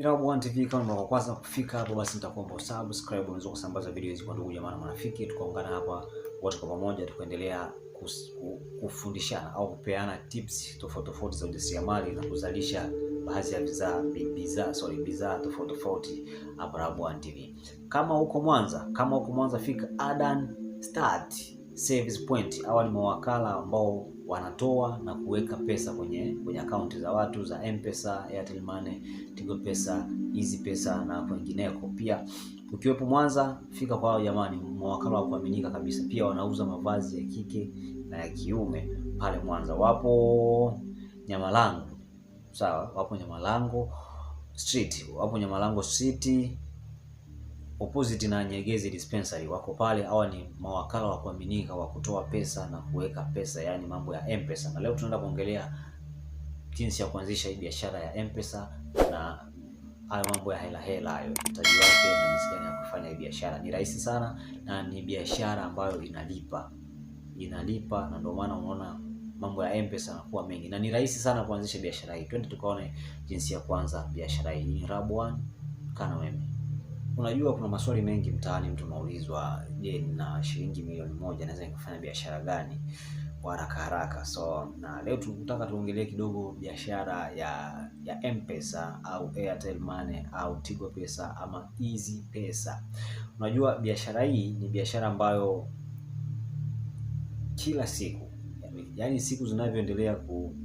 Irabuani TV kama mara kwanza kufika hapo, basi nitakuomba usubscribe, unaweza kusambaza video hizi kwa ndugu jamaa na marafiki, tukaungana hapa wote kwa pamoja, tukaendelea kufundishana au kupeana tips tofauti tofauti za ujasiriamali na kuzalisha baadhi ya bidhaa bidhaa sorry bidhaa tofauti tofauti hapa Irabuani TV. Kama uko Mwanza, kama uko Mwanza fika Adan Start Service Point. Hawa ni mawakala ambao wanatoa na kuweka pesa kwenye kwenye akaunti za watu za mpesa Airtel Money, Tigo Pesa, Easy Pesa na kwingineko. Pia ukiwepo Mwanza, fika kwao jamani, mawakala wa kuaminika kabisa. Pia wanauza mavazi ya kike na ya kiume pale Mwanza. Wapo Nyamalango, sawa, wapo Nyamalango Street, wapo Nyamalango city opposite na Nyegezi dispensary wako pale, hawa ni mawakala wa kuaminika wa kutoa pesa na kuweka pesa, yaani mambo ya M-Pesa. Na leo tunaenda kuongelea jinsi ya kuanzisha hii biashara ya M-Pesa na hayo mambo ya hela hela hayo, mtaji wake na jinsi gani ya kufanya hii biashara. Ni rahisi sana na ni biashara ambayo inalipa, inalipa, na ndio maana unaona mambo ya M-Pesa yanakuwa mengi na ni rahisi sana kuanzisha biashara hii. Twende tukaone jinsi ya kuanza biashara hii. Ni One, kana wewe Unajua, kuna maswali mengi mtaani, mtu unaulizwa, je, nina shilingi milioni moja naweza nikafanya biashara gani kwa haraka haraka? So na leo tunataka tuongelee kidogo biashara ya ya M-Pesa au Airtel Money au Tigo Pesa ama Easy Pesa. Unajua, biashara hii ni biashara ambayo kila siku, yaani siku zinavyoendelea ku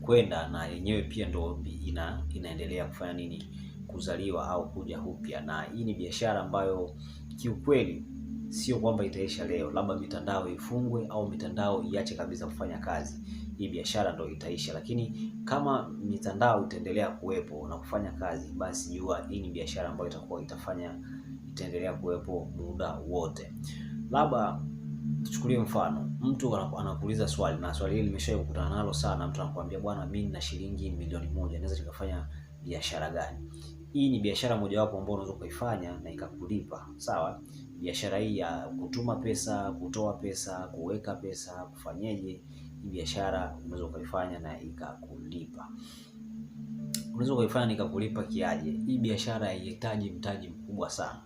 kwenda na yenyewe pia ndo ina, inaendelea kufanya nini kuzaliwa au kuja upya, na hii ni biashara ambayo kiukweli sio kwamba itaisha leo, labda mitandao ifungwe au mitandao iache kabisa kufanya kazi, hii biashara ndio itaisha. Lakini kama mitandao itaendelea kuwepo na kufanya kazi, basi jua hii ni biashara ambayo itakuwa itafanya itaendelea kuwepo muda wote. Labda tuchukulie mfano, mtu anakuuliza swali, na swali hili nimeshawahi kukutana nalo sana. Mtu anakuambia bwana, mimi nina shilingi milioni moja, naweza nikafanya biashara gani. Hii ni biashara mojawapo ambayo unaweza ukaifanya na ikakulipa. Sawa, biashara hii ya kutuma pesa, kutoa pesa, kuweka pesa, kufanyeje, hii biashara unaweza ukaifanya na ikakulipa. Unaweza ukaifanya na ikakulipa kiaje? Hii biashara haihitaji mtaji mkubwa sana.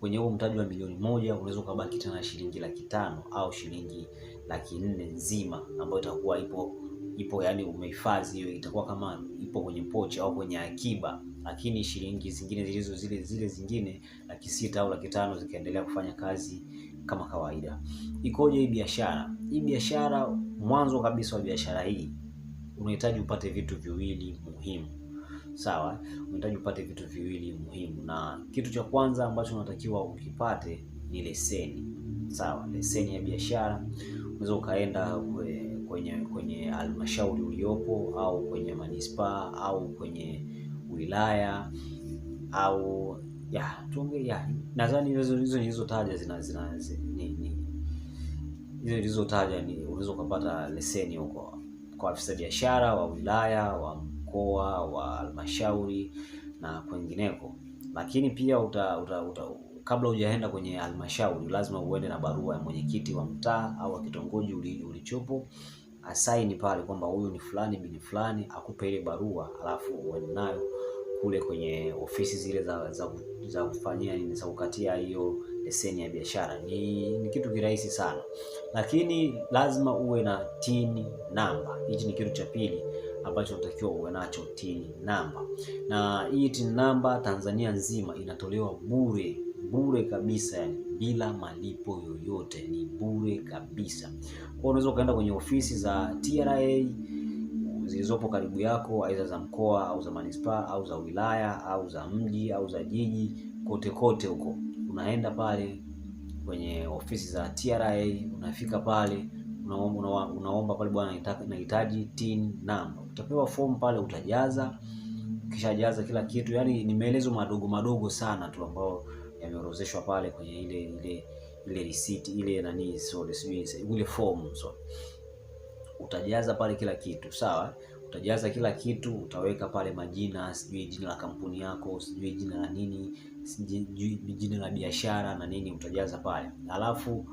Kwenye huo mtaji wa milioni moja unaweza ukabaki tena shilingi laki tano au shilingi laki nne nzima ambayo itakuwa ipo ipo yani umehifadhi hiyo, itakuwa kama ipo kwenye pochi au kwenye akiba, lakini shilingi zingine zilizo zile zile zingine laki sita au laki tano zikaendelea kufanya kazi kama kawaida. Ikoje hii biashara? Hii biashara, mwanzo kabisa wa biashara hii unahitaji upate vitu viwili muhimu. Sawa, unahitaji upate vitu viwili muhimu, na kitu cha kwanza ambacho unatakiwa ukipate ni leseni. Sawa, leseni ya biashara. Unaweza ukaenda we eh, kwenye kwenye halmashauri uliopo au kwenye manispaa au kwenye wilaya au ya tuongee ya nadhani hizo hizo nilizotaja zina zina ni ni hizo nilizotaja ni unaweza kupata leseni huko kwa afisa biashara wa wilaya wa mkoa wa halmashauri na kwingineko, lakini pia uta, uta, uta kabla hujaenda kwenye halmashauri lazima uende na barua ya mwenyekiti wa mtaa au wa kitongoji ulichopo uli asaini pale kwamba huyu ni fulani bini fulani, akupe ile barua, alafu uende nayo kule kwenye ofisi zile za za, za kufanyia nini za kukatia hiyo leseni ya biashara. Ni, ni kitu kirahisi sana, lakini lazima uwe na TIN namba. Hichi ni kitu cha pili ambacho unatakiwa uwe nacho, TIN namba. Na hii TIN namba Tanzania nzima inatolewa bure bure kabisa yani bila malipo yoyote, ni bure kabisa. Kwa unaweza ukaenda kwenye ofisi za TRA zilizopo karibu yako, aidha za mkoa au za manispaa au za wilaya au za mji au za jiji, kote kote huko unaenda pale kwenye ofisi za TRA, unafika pale unaomba, unaomba, unaomba pale, bwana, nahitaji TIN namba. Utapewa fomu pale, utajaza, ukishajaza kila kitu, yani ni maelezo madogo madogo sana tu ambayo yameorozeshwa pale kwenye ile ile ile receipt ile nani, sorry, sijui ile form so utajaza pale kila kitu sawa. Utajaza kila kitu, utaweka pale majina, sijui jina la kampuni yako, sijui jina la nini, sijui jina la biashara na nini, utajaza pale, alafu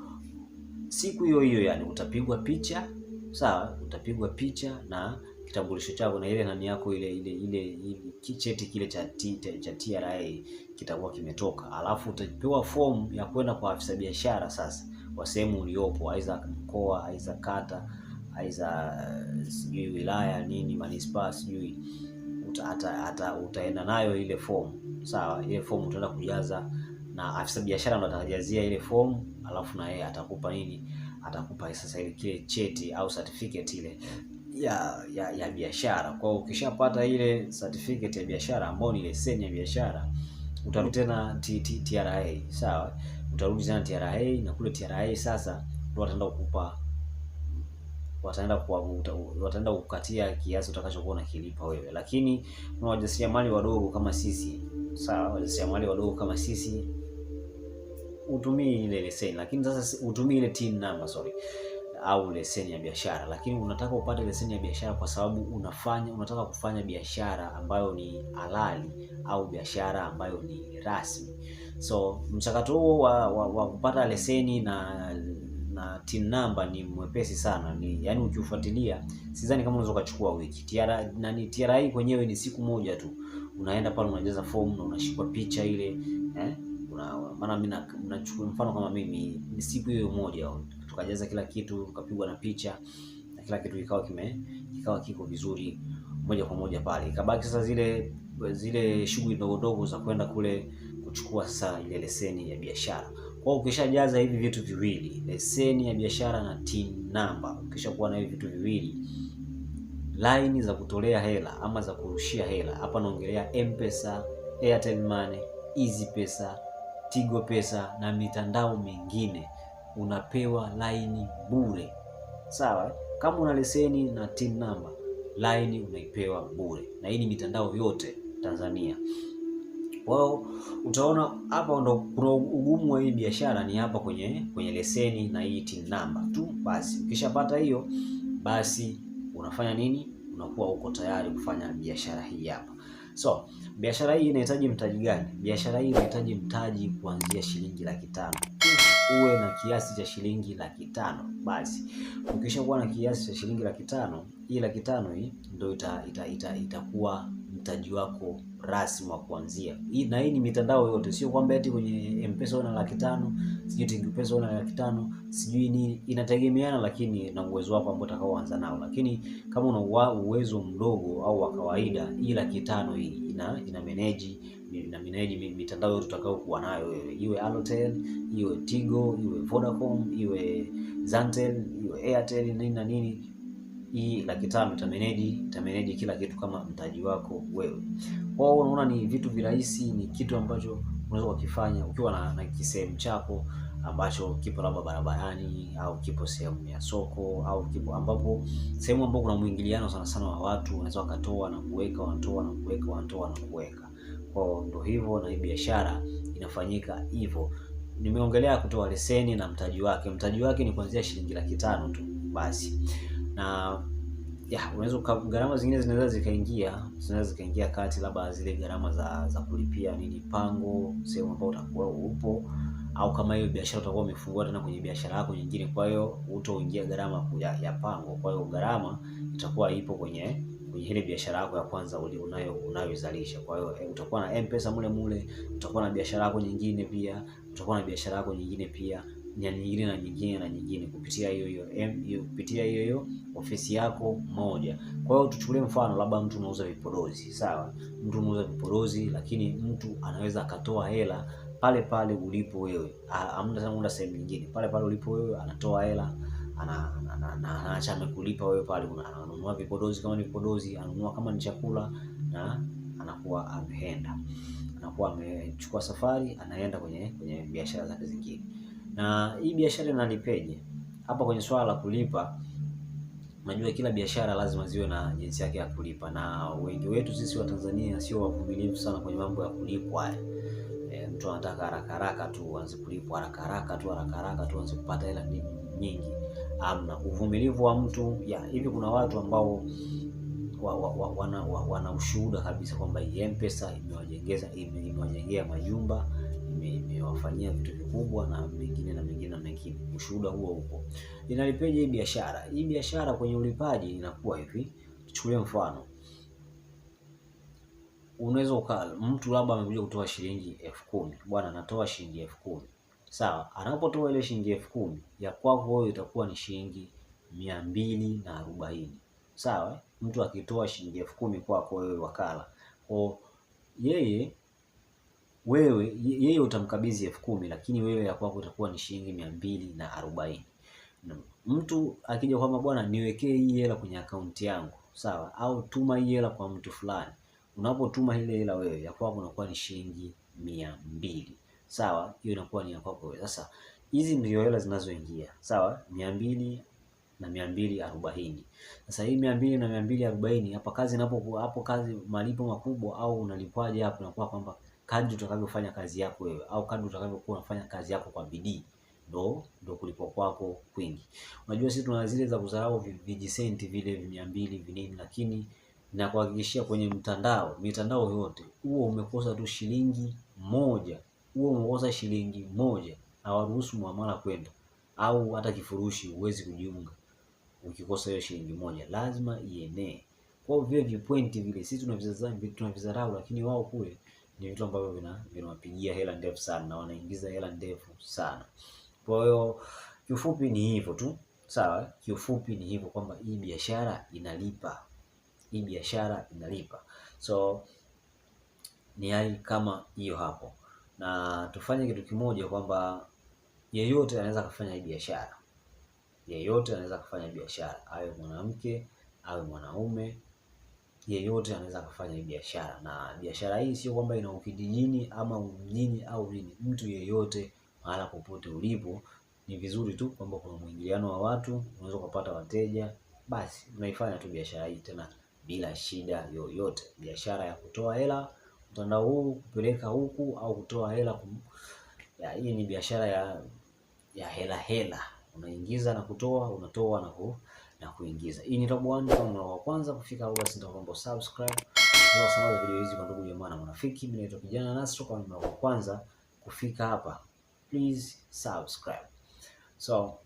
siku hiyo hiyo yani utapigwa picha sawa, utapigwa picha na kitambulisho chako na ile nani yako ile ile ile, ile kile cha cha TRA kitakuwa kimetoka, alafu utapewa fomu ya kwenda kwa afisa biashara sasa kwa sehemu uliopo, aidha mkoa, aidha kata, aidha eh, sijui wilaya nini, manispaa sijui uta, ata, utaenda nayo ile fomu sawa. Ile fomu utaenda kujaza na afisa biashara ndo atakujazia ile fomu, alafu na yeye atakupa nini atakupa sasa ile kile cheti au certificate ile ya ya, ya biashara. Kwa hiyo ukishapata ile certificate ya biashara ambayo ni leseni ya biashara, utarudi tena TRA, sawa? Utarudi tena TRA na kule TRA sasa ndio wataenda kukupa wataenda kuwavuta, wataenda kukatia kiasi utakachokuwa unakilipa wewe. Lakini kuna wajasiriamali wadogo kama sisi, sawa? Wajasiriamali wadogo kama sisi utumii ile leseni, lakini sasa utumii ile TIN number sorry, au leseni ya biashara, lakini unataka upate leseni ya biashara kwa sababu unafanya unataka kufanya biashara ambayo ni halali au biashara ambayo ni rasmi. So mchakato huo wa, wa, wa kupata leseni na na TIN number ni mwepesi sana, ni yani ukiufuatilia, sidhani kama unaweza kuchukua wiki. TRA nani, hii kwenyewe ni siku moja tu, unaenda pale unajaza fomu na unashikwa picha ile eh? maana mimi nachukua mfano kama mimi, ni siku hiyo moja tukajaza kila kitu, tukapigwa na picha na kila kitu kikawa kime kikawa kiko vizuri moja kwa moja pale. Ikabaki sasa zile zile shughuli ndogo ndogo za kwenda kule kuchukua sasa ile leseni ya biashara. Kwa hiyo ukishajaza hivi vitu viwili, leseni ya biashara na TIN namba, ukishakuwa na hivi vitu viwili, laini za kutolea hela ama za kurushia hela, hapa naongelea mpesa Airtel Money, Easy Pesa Tigo Pesa na mitandao mingine unapewa laini bure, sawa. Kama una leseni na TIN namba, laini unaipewa bure, na hii ni mitandao yote Tanzania. Wao utaona hapa ndo kuna ugumu wa hii biashara ni hapa kwenye kwenye leseni na hii TIN namba tu. Basi ukishapata hiyo, basi unafanya nini? Unakuwa uko tayari kufanya biashara hii hapa. So biashara hii inahitaji mtaji gani? Biashara hii inahitaji mtaji kuanzia shilingi laki tano uwe na kiasi cha shilingi laki tano basi. Ukishakuwa na kiasi cha shilingi laki tano hii laki tano hii ndio itakuwa ita, ita, ita mtaji wako rasmi wa kuanzia. Hii na hii ni mitandao yote, sio kwamba eti kwenye M-Pesa una laki tano, sijui Pesa una laki tano, sijui ni inategemeana lakini na uwezo wako ambao utakaoanza nao. Lakini kama una uwezo mdogo au wa kawaida, hii laki tano hii ina ina manage na manage mitandao yote utakao kuwa nayo wewe, iwe Halotel, iwe Tigo, iwe Vodacom, iwe Zantel, iwe Airtel nini na nini hii e, laki tano itameneji itameneji kila kitu kama mtaji wako wewe. Kwa hiyo unaona ni vitu virahisi, ni kitu ambacho unaweza kukifanya ukiwa na, na kisehemu chako ambacho kipo labda barabarani au kipo sehemu ya soko au kipo ambapo sehemu ambapo kuna mwingiliano sana sana wa watu, unaweza wakatoa na kuweka, wanatoa na kuweka, wanatoa na kuweka. Kwa hiyo ndio hivyo, na hii biashara inafanyika hivyo. Nimeongelea kutoa leseni na mtaji wake. Mtaji wake ni kuanzia shilingi laki tano tu basi na ya unaweza gharama zingine zinaweza zikaingia zinaweza zikaingia kati, labda zile gharama za za kulipia nini pango, sehemu ambayo utakuwa upo, au kama hiyo biashara utakuwa umefungua tena kwenye biashara yako nyingine, kwa hiyo utoingia gharama ya, ya pango. Kwa hiyo gharama itakuwa ipo kwenye kwenye ile biashara yako ya kwanza unayo unayozalisha Kwa hiyo eh, utakuwa na mpesa mule mule, utakuwa na biashara yako nyingine pia, utakuwa na biashara yako nyingine pia na nyingine na nyingine na nyingine kupitia hiyo hiyo M, hiyo kupitia hiyo hiyo ofisi yako moja. Kwa hiyo tuchukulie mfano, labda mtu anauza vipodozi, sawa? Mtu anauza vipodozi, lakini mtu anaweza akatoa hela pale pale ulipo wewe, amna amda sehemu nyingine, pale pale ulipo wewe anatoa hela anaacha amekulipa wewe pale, ananunua vipodozi kama ni vipodozi, ananunua kama ni chakula, na anakuwa ameenda, anakuwa amechukua safari, anaenda kwenye kwenye biashara zake zingine. Na hii biashara inanipeje? Hapa kwenye swala la kulipa, najua kila biashara lazima ziwe na jinsi yake ya kulipa, na wengi wetu sisi wa Tanzania sio wavumilivu sana kwenye mambo ya kulipwa. E, mtu anataka haraka haraka tu aanze kulipwa haraka haraka tu haraka haraka tu aanze kupata hela nyingi. Amna uvumilivu wa mtu ya hivi. Kuna watu ambao wa, wa, wa, wana, wa, wana ushuhuda kabisa kwamba M-Pesa imewajengea imewajengea majumba amewafanyia vitu vikubwa na mengine na mengine na mengine. Ushuhuda huo huko ninalipeje hii biashara hii biashara kwenye ulipaji inakuwa hivi. Chukulia mfano, unaweza ukala mtu labda amekuja kutoa shilingi elfu kumi bwana, anatoa shilingi elfu kumi sawa. Anapotoa ile shilingi elfu kumi ya kwako wewe itakuwa ni shilingi mia mbili na arobaini sawa. Mtu akitoa shilingi elfu kumi kwako wewe wakala, kwa yeye wewe yeye utamkabidhi elfu kumi lakini wewe ya kwako utakuwa ni shilingi mia mbili na arobaini. Mtu akija kwamba bwana, niwekee hii hela kwenye akaunti yangu sawa, au tuma hii hela kwa mtu fulani, unapotuma ile hela wewe ya kwako unakuwa ni shilingi mia mbili sawa, hiyo inakuwa ni ya kwako wewe. Sasa hizi ndio hela zinazoingia sawa, mia mbili na mia mbili arobaini. Sasa hii mia mbili na mia mbili arobaini hapa kazi inapokuwa hapo, kazi malipo makubwa au unalipwaje hapo, unakuwa kwamba kadri utakavyofanya kazi yako wewe au kadri utakavyokuwa unafanya kazi yako kwa bidii ndo ndo kulipo kwako kwingi. Unajua sisi tuna zile za kudharau vijisenti vile mia mbili vinini, lakini na kuhakikishia kwenye mtandao, mitandao yote, huo umekosa tu shilingi moja, huo umekosa shilingi moja, hawaruhusu muamala kwenda au hata kifurushi huwezi kujiunga ukikosa hiyo shilingi moja, lazima ienee. Kwa vile vipointi vile sisi tunavizarau, lakini wao kule ni vitu ambavyo vinawapigia hela ndefu sana na wanaingiza hela ndefu sana. Kwa hiyo kiufupi ni hivyo tu, sawa. Kiufupi ni hivyo kwamba hii biashara inalipa, hii biashara inalipa. So ni hali kama hiyo hapo, na tufanye kitu kimoja kwamba yeyote anaweza kufanya hii biashara, yeyote anaweza kufanya biashara, awe mwanamke awe mwanaume yeyote anaweza akafanya hii biashara, na biashara hii sio kwamba ina nyinyi ama nyinyi au nini, mtu yeyote mahala popote ulipo, ni vizuri tu kwamba kuna mwingiliano wa watu, unaweza kupata wateja, basi unaifanya tu biashara hii tena bila shida yoyote. Biashara ya kutoa hela mtandao huu kupeleka huku au kutoa hela kum... ya, hii ni biashara ya ya hela hela, unaingiza na kutoa, unatoa na ku na kuingiza. Hii ni Top 1 kama mwana wa kwanza kufika hapo basi nitakuomba subscribe. Na sambaza video hizi kwa ndugu jamaa na marafiki. Mimi naitwa Kijana Nasro kwa mwana wa kwanza kufika hapa. Please subscribe. So